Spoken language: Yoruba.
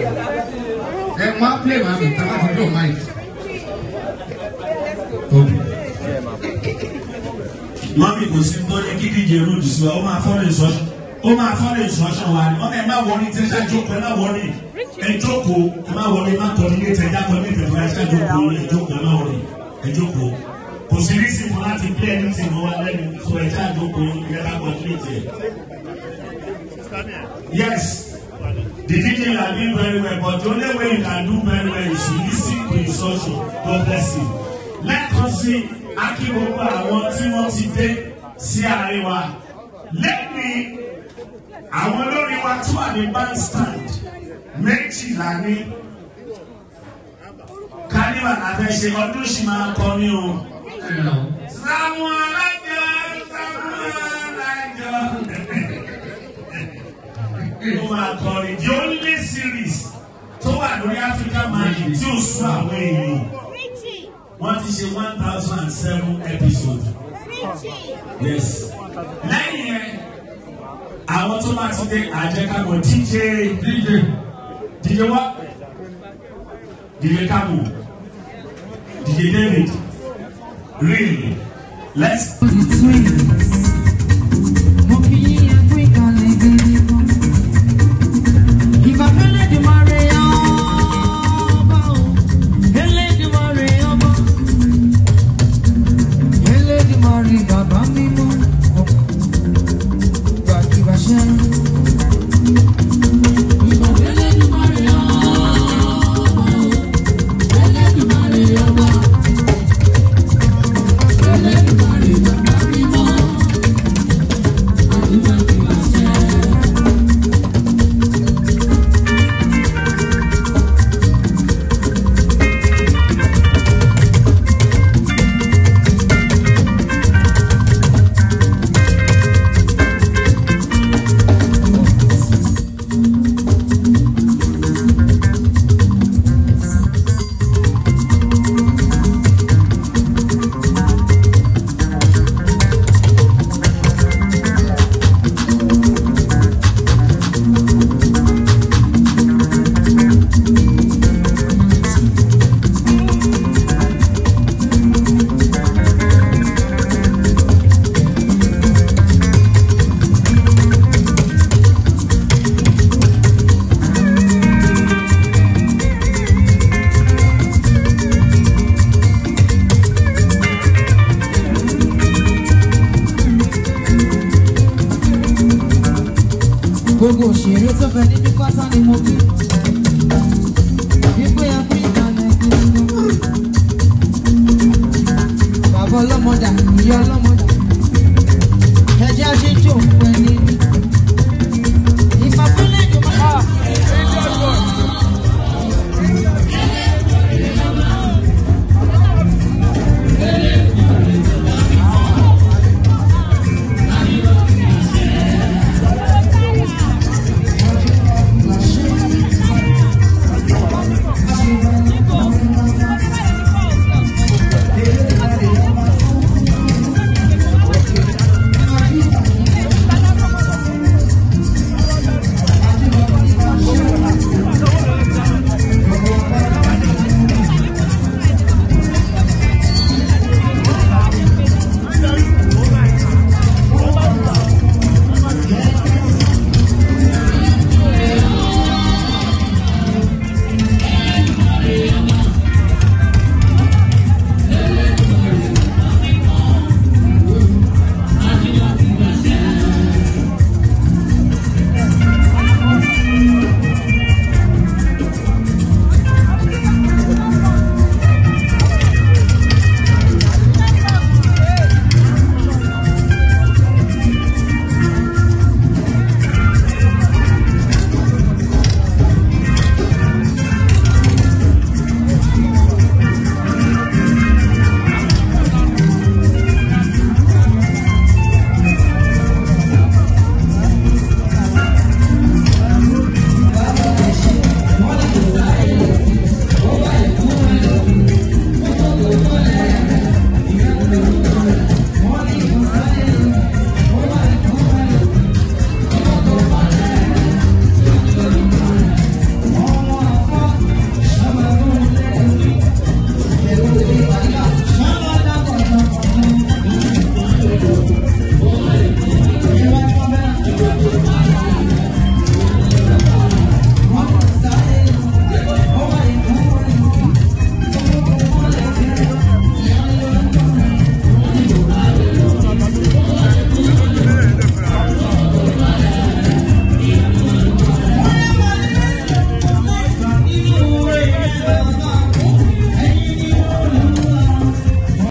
ẹ mọ apilẹ maa mi tí a bá ti dùn máa yìí. mọ́mí kò sí tó ní kídíje road sí wa máa fọ́lẹ̀ ìsọ́sọ́ ó máa fọ́lẹ̀ ìsọ́sọ́ wa ni ọmọ ẹ má wọlé tẹ ká jókòó ẹ má wọlé ẹ jókòó ẹ má wọlé má tọ́ nílé tẹ jákòó ní ìtẹ̀fọ́ ẹ ká jókòó ẹ jókòó ẹ má wọlé ẹ jókòó kò sí ní sìnkú láti bí ẹni sìnkú wa lẹ́nu sọ ẹ ká jókòó ẹ ká gbọ́ nílé tẹ. yes. The teaching I did very well, but the only way you can do very well is to listen to instruction. God bless you. Lẹ́kọ̀ọ́ sí akíkópa àwọn tí wọ́n ti dé sí àríwá. Lẹ́yìn àwọn olórí wa tó wà ní bandstand méjìlá ní kánífà àfẹsẹ̀ ọdún sì máa kọ ní o. Láwọn ará. sọ àwọn èèyàn wọ́n ti ṣe one thousand seven episode yes lẹ́yìn yẹn àwọn tó bá ti dé àjẹkágbọ̀ DJ DJ DJ wa DJ Kamu DJ David real let's. Ṣèré tó fẹ́ níbi kọ́tà ni mo bí. Wípé ẹkú ìdáná ẹgbẹ́ ló. Bàbá ọlọ́mọdà, ìyá ọlọ́mọdà.